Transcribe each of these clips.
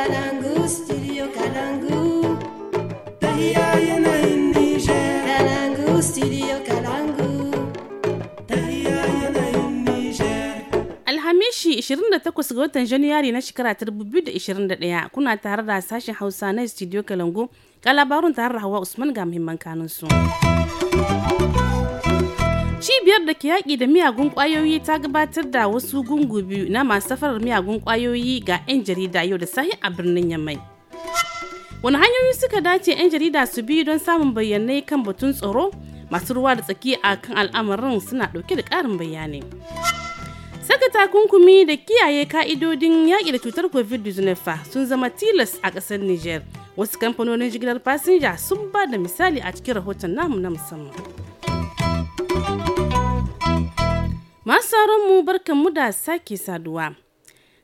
Kalangu, studio Kalangu. Tahiya yanayin Niger. Kalangu, studio Kalangu. Tahiya yanayin Niger. Alhamishi 28 ga watan Janairu na shekara 2021 kuna tare da sashen Hausa na studio Kalangu. Ga labarun tare da Hawa Usman ga muhimman kanunsu. cibiyar da ke yaƙi da miyagun ƙwayoyi ta gabatar da wasu gungu biyu na masu safarar miyagun ƙwayoyi ga 'yan jarida yau da sahi a birnin yamai wani hanyoyi suka dace 'yan jarida su bi don samun bayanai kan batun tsaro masu ruwa da tsaki a kan al'amarin suna ɗauke da ƙarin bayani? saka takunkumi da kiyaye ka'idodin yaƙi da cutar covid-19 sun zama tilas a ƙasar Nijar, wasu kamfanonin jigilar fasinja sun ba da misali a cikin rahoton namu na musamman Masu mu mu da sake saduwa.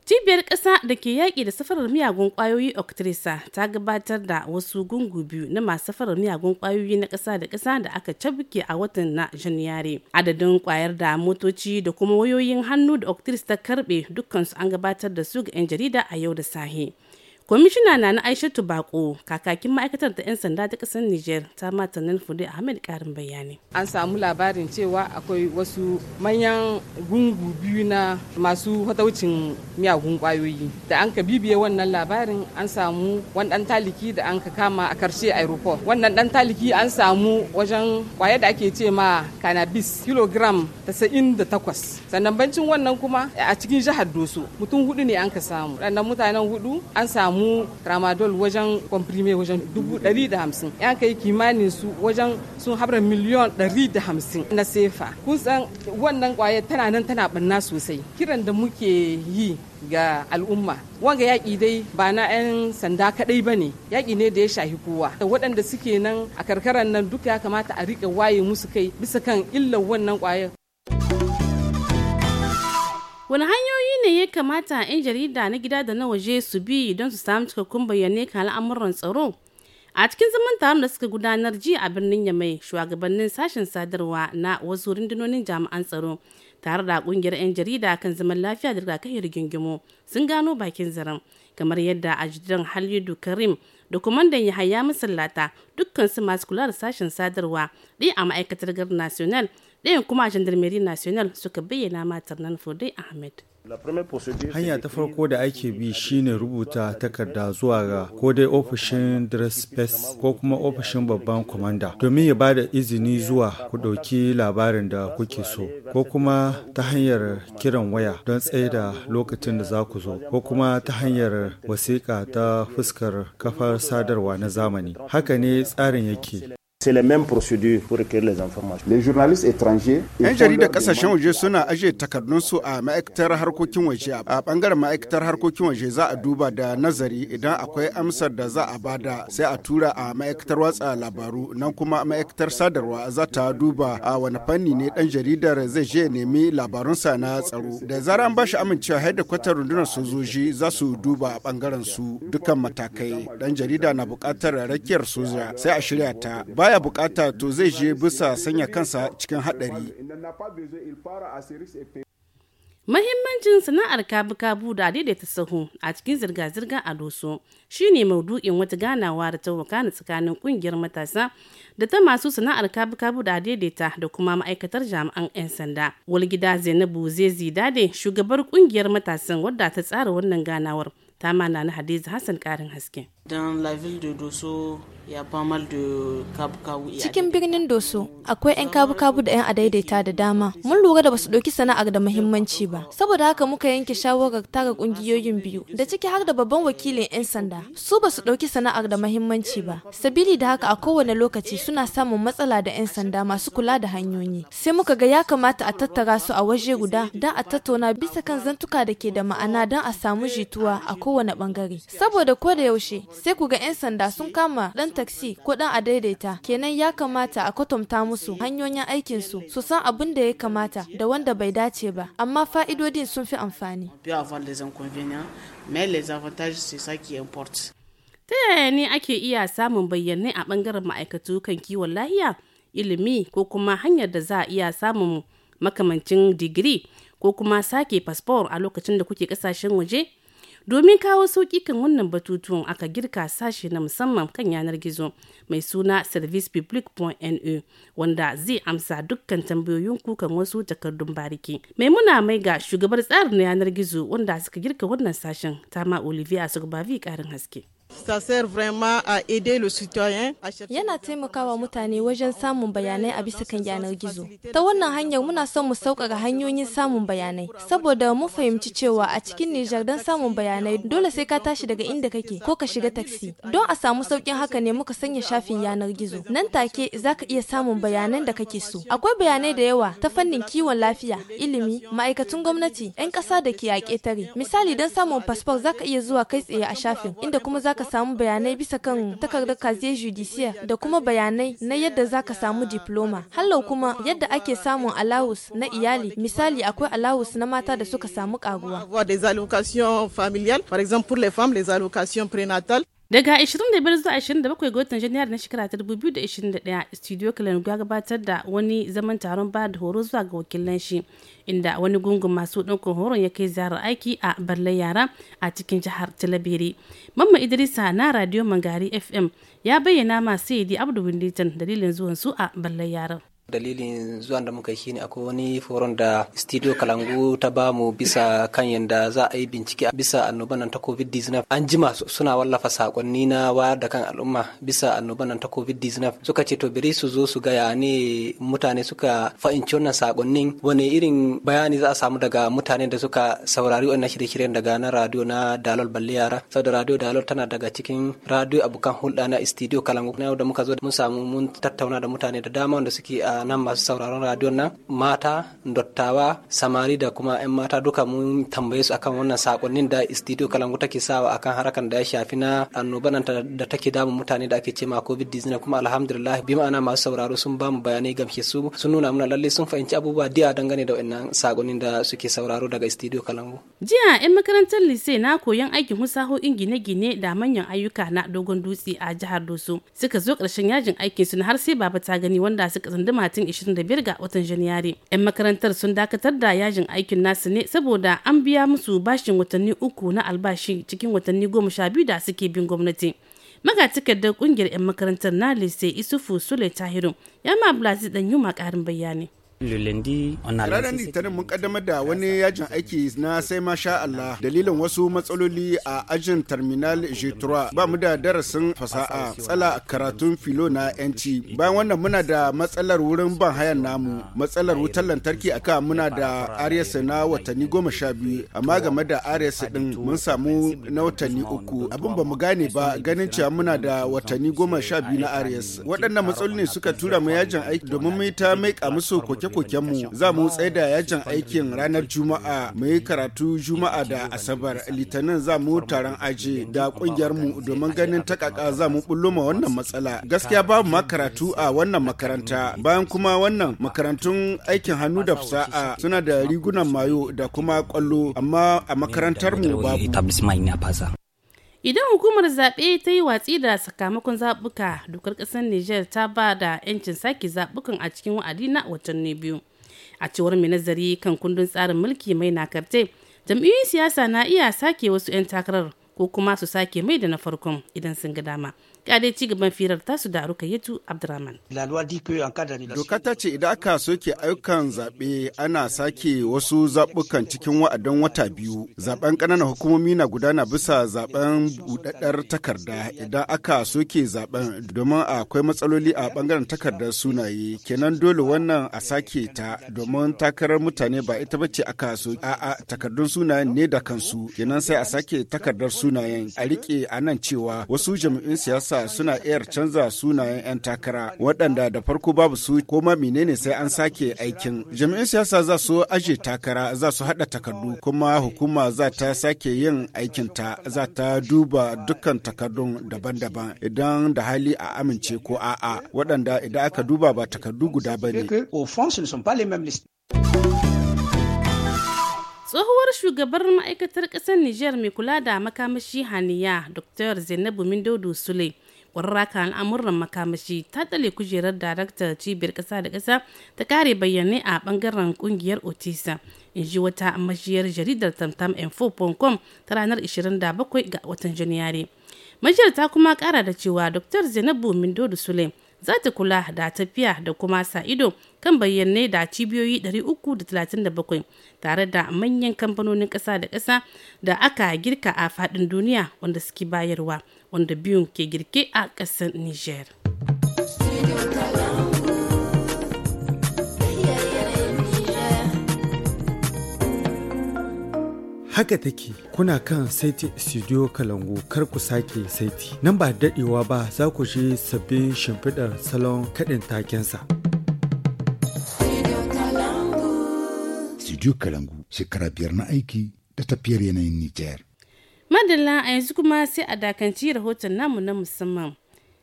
Cibiyar ƙasa da ke yaƙi da safarar miyagun ƙwayoyi Octresa ta gabatar da wasu gungu biyu na masu safarar miyagun ƙwayoyi na ƙasa da ƙasa da aka cabuke a watan na Janairu. Adadin ƙwayar da motoci da kuma wayoyin hannu da Octres ta karɓe dukkansu an gabatar da su ga 'yan jarida a yau da sahe kwamishina na na aishatu bako kakakin ma'aikatar da 'yan sanda ta kasar niger ta mata nan fude ahmed karin bayani an samu labarin cewa akwai wasu manyan gungu biyu na masu hataucin miyagun kwayoyi da an ka bibiye wannan labarin an samu wani dan taliki da an ka kama a karshe aeroport wannan dan taliki an samu wajen kwaye da ake ce ma cannabis kilogram 98 sannan bancin wannan kuma a cikin jihar doso mutum hudu ne an ka samu waɗannan mutanen hudu an samu samu tramadol wajen komprime wajen dubu ɗari da hamsin kai kimanin su wajen sun habra miliyon ɗari da hamsin na sefa kun san wannan kwayar tana nan tana ɓanna sosai kiran da muke yi ga al'umma wanga yaƙi dai ba na 'yan sanda kaɗai ba ne yaƙi ne da ya shahi kowa da waɗanda suke nan a karkarar nan duka ya kamata a riƙe waye musu kai bisa kan illar wannan ƙwayar wani hanyoyi ne ya kamata 'yan jarida na gida da na waje su bi don su samu cikakkun bayanai kan al'amuran tsaro a cikin zaman taron da suka gudanar jiya a birnin yamai shugabannin sashen sadarwa na wasu rundunonin jami'an tsaro tare da kungiyar 'yan jarida kan zaman lafiya da rigakafin rigingimu sun gano bakin zaren kamar yadda a ajidan halidu karim da kumandan yahaya masallata dukkan su masu kula da sashen sadarwa ɗaya a ma'aikatar gar national ɗayan kuma a gendarmerie national suka bayyana matar nan fodai ahmed hanya ta farko da ake bi shine rubuta takarda zuwa ga ko dai ofishin dress ko kuma ofishin babban kwamanda domin ya ba da izini zuwa ku ɗauki labarin da kuke so ko kuma ta hanyar kiran waya don tsaida lokacin da za ku zo ko kuma ta hanyar wasiƙa ta fuskar kafar sadarwa na zamani haka ne tsarin yake C'est les mêmes pour les informations. Les journalistes étrangers. Yan jaridar kasashen waje suna ajiye takardunsu a ma'aikatar harkokin waje. A bangaren ma'aikatar harkokin waje za a duba da nazari idan akwai amsar da za a bada sai a tura a ma'aikatar watsa labaru nan kuma ma'aikatar sadarwa za ta duba a wani fanni ne dan jaridar zai je nemi labarunsa na tsaro. Da zara an bashi amincewa haida kwatar rundunar sojoji za su duba a bangaren su dukkan matakai. Dan jarida na buƙatar rakiyar soja sai a shirya ta. baya bukata to zai je bisa sanya kansa cikin haɗari. Mahimmancin sana'ar kabu-kabu da daidaita sahu a cikin zirga-zirga a doso shine maudu'in wata ganawa da ta wakana tsakanin kungiyar matasa da ta masu sana'ar kabu-kabu da daidaita da kuma ma'aikatar jami'an 'yan sanda. Walgida Zainabu zai Zezi Dade shugabar kungiyar matasan wadda ta tsara wannan ganawar ta mana na Hadiza Hassan karin haske. cikin birnin doso akwai 'yan kabu-kabu da 'yan adaidaita da dama mun lura da basu ɗauki sana'ar da muhimmanci ba saboda haka muka yanke shawarar tara ƙungiyoyin biyu da ciki har da babban wakilin 'yan sanda su basu ɗauki sana'ar da muhimmanci ba sabili da haka a kowane lokaci suna samun matsala da 'yan sanda masu kula da hanyoyi sai muka ga ya kamata a tattara su a waje guda don a tattauna bisa kan zantuka da ke da ma'ana don a samu jituwa a kowane bangare saboda ko da yaushe sai ku ga 'yan sanda sun kama ɗan taksi ko ɗan a daidaita kenan ya kamata a kwatanta musu hanyoyin aikin su su san abin da ya kamata da wanda bai dace ba amma fa'idodin sun fi amfani. Ta yaya ne ake iya samun bayyanai a bangaren ma'aikatu kan kiwon lahiya, ilimi ko kuma hanyar da za a iya samun makamancin digiri ko kuma sake fasfor a lokacin da kuke kasashen waje? domin kawo sauƙi kan wannan batutuwan aka girka sashe na musamman kan yanar gizo mai suna nu wanda zai amsa dukkan tambayoyin kukan wasu takardun bariki maimuna mai ga shugabar tsarin yanar gizo wanda suka girka wannan sashen tama olivia sugbavi karin haske Yana taimakawa mutane wajen samun bayanai a bisa kan yanar gizo. Ta wannan hanyar muna son mu sauƙaƙa hanyoyin samun bayanai. Saboda mu fahimci cewa a cikin Nijar don samun bayanai dole sai ka tashi daga inda kake ko ka shiga taksi. Don a samu sauƙin haka ne muka sanya shafin yanar gizo. Nan take za ka iya samun bayanan da kake so. Akwai bayanai da yawa ta fannin kiwon lafiya, ilimi, ma'aikatun gwamnati, 'yan ƙasa da ke a ƙetare. Misali don samun fasfo za ka iya zuwa kai tsaye a shafin inda kuma za ka samu bayanai bisa kan takardar kaziyar judiciya da kuma bayanai na yadda za ka samu diploma. Hallau kuma yadda ake samun alawus na iyali misali akwai alawus na mata da suka samu kaguwa. Daga 25 zuwa 27 ga watan Janairu na shekara ta 2021, Studio Kalangu ya gabatar da wani zaman taron ba da horo zuwa ga wakilan shi, inda wani gungun masu ɗaukar horon ya kai ziyarar aiki a barlai Yara a cikin jihar Talabiri. Mamma Idrisa na Radio Mangari FM ya bayyana masu yadi Abdu dalilin zuwan su a barlai Yara. dalilin zuwan da muka shine akwai wani foron da studio kalangu ta bamu bisa kan yadda za a yi bincike bisa annoban nan ta covid-19 an jima suna wallafa sakonni na wayar da kan al'umma bisa annoban nan ta covid-19 suka ce to biri su zo su gaya ne mutane suka fahimci wannan sakonnin wani irin bayani za a samu daga mutane da suka saurari wannan shirye-shiryen daga na radio na dalol balle yara saboda radio dalol tana daga cikin radio abokan hulɗa na studio kalangu na yau da muka zo mun samu mun tattauna da mutane da dama wanda suke a nan masu sauraron radiyon nan mata dottawa samari da kuma 'yan mata duka mun tambaye su akan wannan sakonnin da studio kalangu take sawa akan harakan da ya shafi na annoba da take damun mutane da ake ce ma covid 19 kuma alhamdulillah bi ma'ana masu sauraro sun ba mu bayanai gamshe su sun nuna mana lalle sun fahimci abubuwa diya dangane da wannan sakonnin da suke sauraro daga studio kalangu jiya 'yan makarantar lise na koyon aikin husaho'in gine-gine da manyan ayyuka na dogon dutse a jihar dosu suka zo ƙarshen yajin aikin su na har sai baba ta gani wanda suka tsunduma talatin 25 ga watan janairu yan makarantar sun dakatar da yajin aikin nasu ne saboda an biya musu bashin watanni uku na albashi cikin watanni goma sha biyu da suke bin gwamnati magatakardar kungiyar yan makarantar na lise isufu sule tahiru ya ma blazi dan yuma karin bayani ranar litinin mun kaddamar da wani yajin aiki na sai masha Allah dalilin wasu matsaloli a ajin terminal G3. ba mu da darasin fasa'a tsala karatun filo na yanci bayan wannan muna da matsalar wurin ban hayan namu matsalar wutar lantarki aka muna da aries na watanni goma sha biyu amma game da aries din mun samu na watanni uku abin ba mu gane ba ganin cewa muna da watanni goma sha biyu na aries waɗannan matsaloli suka tura mu yajin aiki domin mu ta maika musu koke koke mu za mu tsaye da yajin aikin ranar Juma'a mu yi karatu Juma'a da Asabar Litinin za mu taron aji da mu domin ganin takaka za mu bullo ma wannan matsala. Gaskiya babu ma karatu a wannan makaranta bayan kuma wannan makarantun aikin hannu da fasa'a suna da rigunan mayo da kuma kwallo amma a makarantar mu babu. idan hukumar zaɓe ta yi watsi da sakamakon zaɓuka dokar ƙasar niger ta ba da 'yancin sake zaɓukan a cikin wa'adi na watanni biyu a cewar mai nazari kan kundin tsarin mulki mai na karte jam'iyyun siyasa na iya sake wasu 'yan takarar ko kuma su sake mai da na farkon idan sun ga dama ga ci gaban firar tasu da yatu abdurrahman doka ta ce idan aka soke ayyukan zaɓe ana sake wasu zaɓukan cikin wa'adin wata biyu zaɓen ƙananan hukumomi na gudana bisa zaɓen buɗaɗɗar takarda idan aka soke zaɓen domin akwai matsaloli a ɓangaren takardar sunaye kenan dole wannan a sake ta domin takarar mutane ba ita bace aka soke a'a takardun sunayen ne da kansu kenan sai a sake takardar sunayen a riƙe a nan cewa wasu jami'in siyasa suna iyar canza sunayen 'yan takara waɗanda da farko babu su ko ma menene sai an sake aikin. Jami'in siyasa za su aje takara za su haɗa takardu kuma hukuma za ta sake yin aikinta za ta duba dukkan takardun daban-daban idan da hali a amince ko a'a waɗanda idan aka duba ba takardu guda ba ne. tsohuwar shugabar ma'aikatar ƙasar niger mai kula da makamashi haniya dr zainabu mindodo sule kwararra al'amurran al'amuran makamashi ta tsale kujerar daraktar cibiyar ƙasa da ƙasa ta kare bayyane a bangaren kungiyar otisa in ji wata mashiyar jaridar tamtam info.com ta ranar 27 ga watan janairu majiyar ta kuma kara da cewa dr zainabu da sule za ta kula da tafiya da kuma sa ido kan bayyane da cibiyoyi 337 tare da manyan kamfanonin kasa da kasa da aka girka a faɗin duniya wanda suke bayarwa wanda biyun ke girke a ƙasar niger. haka take kuna kan saiti studio kalangu kar ku sake saiti nan ba dadewa ba za ku shi sabbin shimfiɗar salon kaɗin takensa. Studio Kalangu shekara biyar na aiki da tafiyar yanayin Nijar. Madalla a yanzu kuma sai a dakanci rahoton namu na musamman.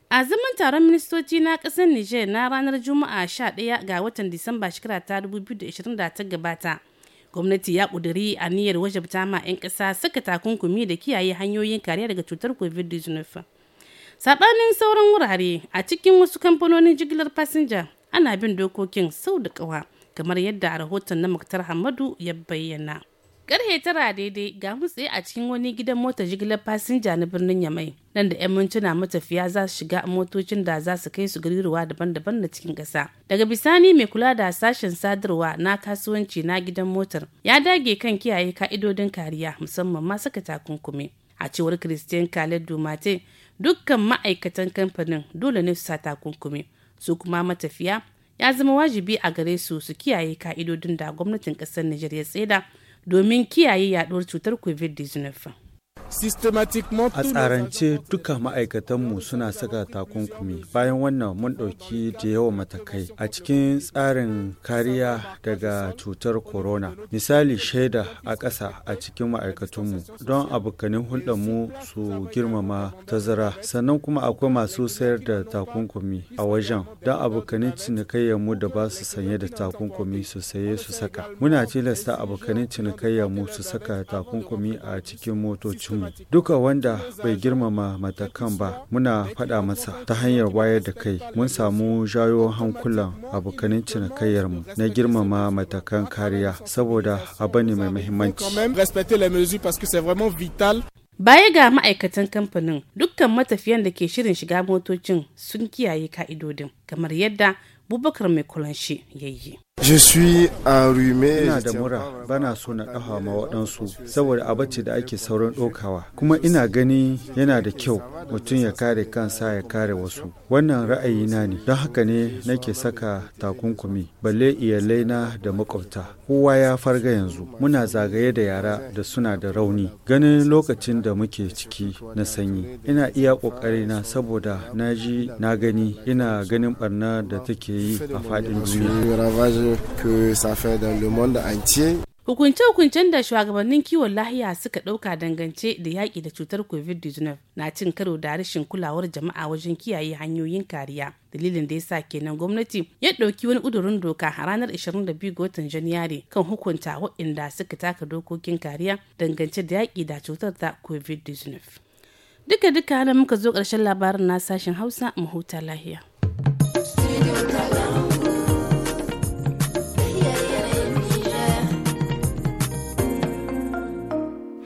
A zaman taron ministoci na ƙasar niger na ranar Juma'a 11 ga watan Disamba shekara ta 2020 da ta gabata. gwamnati ya ƙuduri aniyar wajabta ma 'yan ƙasa saka takunkumi da kiyaye hanyoyin kariya daga cutar covid-19 saɓanin sauran wurare a cikin wasu kamfanonin jigilar fasinja ana bin dokokin sau da ƙawa kamar yadda a rahoton na muktar hamadu ya bayyana Karhe tara daidai ga mutse a cikin wani gidan mota jigilar fasinja na birnin Yamai. Nan da 'yan mintuna matafiya za su shiga motocin da za su kai su gariruwa daban-daban na cikin ƙasa. Daga bisani mai kula da sashen sadarwa na kasuwanci na gidan motar ya dage kan kiyaye ka'idodin kariya musamman ma saka takunkumi. A cewar Christian Khaled Dumate dukkan ma'aikatan kamfanin dole ne su sa takunkumi. Su kuma matafiya ya zama wajibi a gare su su kiyaye ka'idodin da gwamnatin ƙasar Nijar ya tseda domin kiyaye yaduwar cutar covid-19 a tsarance duka ma'aikatanmu suna saka takunkumi bayan wannan mun ɗauki da yawan matakai a cikin tsarin kariya daga cutar corona misali shaida a ƙasa a cikin ma'aikatunmu don abokanin hulɗarmu su girmama tazara sannan kuma akwai masu sayar da takunkumi a wajen don abokanin cinikayyarmu da ba su sanye da takunkumi su saye su saka muna tilasta abokanin cinikayyarmu su saka takunkumi a cikin motocinmu ne duka wanda bai girmama matakan ba muna faɗa masa ta hanyar wayar da kai mun samu jayo hankulan abokanin cinikayyar mu na girmama matakan kariya saboda abu ne mai muhimmanci Baya ga ma'aikatan kamfanin dukkan matafiyan da ke shirin shiga motocin sun kiyaye ka'idodin kamar yadda bubakar mai kulanshi ya yi. Ina da mura bana so na ɗaha ma waɗansu saboda abacce da ake sauran ɗaukawa kuma ina gani yana da kyau mutum ya kare kansa ya kare wasu wannan ra'ayina ne don haka ne nake saka takunkumi balle na da makwabta kowa ya farga yanzu muna zagaye da yara da suna da rauni ganin lokacin da muke ciki na sanyi ina iya na saboda na ji na gani ina ganin barna da take yi a faɗin duniya que ça fait dans le monde entier. Hukunce-hukuncen da shugabannin kiwon lahiya suka ɗauka dangance da yaƙi da cutar COVID-19 na cin karo da rashin kulawar jama'a wajen kiyaye hanyoyin kariya. Dalilin da ya sa kenan gwamnati ya ɗauki wani ƙudurin doka a ranar 22 ga watan Janairu kan hukunta waɗanda suka taka dokokin kariya dangance da yaƙi da cutar ta COVID-19. Duka-duka muka zo ƙarshen labarin na sashen Hausa mu huta lahiya.